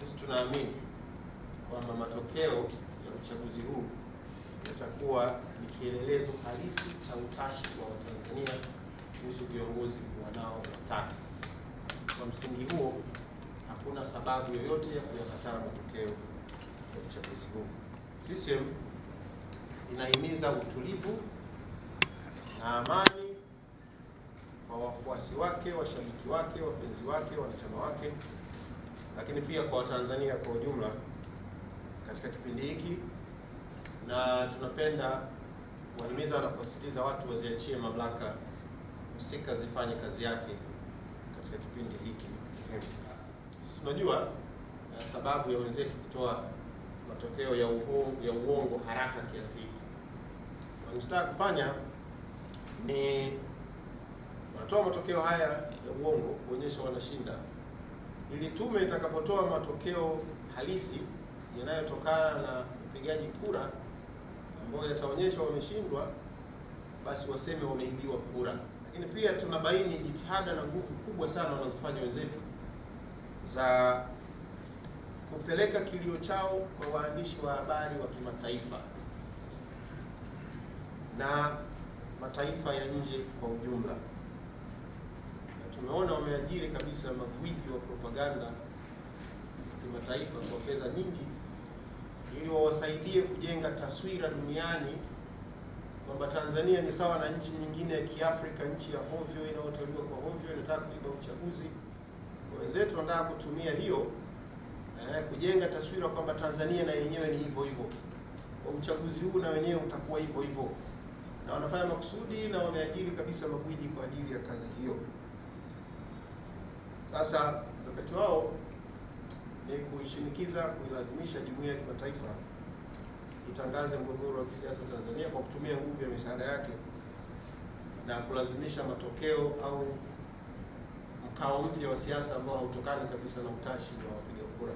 Sisi tunaamini kwamba matokeo ya uchaguzi huu yatakuwa ni kielelezo halisi cha utashi wa Watanzania kuhusu viongozi wanaowataka. Kwa msingi huo, hakuna sababu yoyote ya kuyakataa matokeo ya uchaguzi huu. CCM inahimiza utulivu na amani kwa wafuasi wake, washabiki wake, wapenzi wake, wanachama wake lakini pia kwa Watanzania kwa ujumla katika kipindi hiki, na tunapenda kuwahimiza na kuwasitiza watu waziachie mamlaka husika zifanye kazi yake katika kipindi hiki. Sisi tunajua eh, sababu ya wenzetu kutoa matokeo ya uongo, ya uongo haraka kiasi hiki. Wanachotaka kufanya ni wanatoa matokeo haya ya uongo kuonyesha wanashinda ili tume itakapotoa matokeo halisi yanayotokana na upigaji kura ambayo yataonyesha wameshindwa, basi waseme wameibiwa kura. Lakini pia tunabaini jitihada na nguvu kubwa sana wanazofanya wenzetu za kupeleka kilio chao kwa waandishi wa habari wa kimataifa na mataifa ya nje kwa ujumla matajiri kabisa na magwiji wa propaganda kimataifa kwa fedha nyingi, ili wawasaidie kujenga taswira duniani kwamba Tanzania ni sawa na nchi nyingine ya Kiafrika, nchi ya ovyo inayotawaliwa kwa hovyo, inataka kuiba uchaguzi. Wenzetu wanataka kutumia hiyo eh, kujenga taswira kwamba Tanzania na yenyewe ni hivyo hivyo, kwa uchaguzi huu na wenyewe utakuwa hivyo hivyo, na wanafanya makusudi na wameajiri kabisa magwiji kwa ajili ya kazi hiyo. Sasa wakati wao ni kuishinikiza, kuilazimisha jumuiya ya kimataifa itangaze mgogoro wa kisiasa Tanzania kwa kutumia nguvu ya misaada yake na kulazimisha matokeo au mkao mpya wa siasa ambao hautokani kabisa na utashi wa wapiga kura.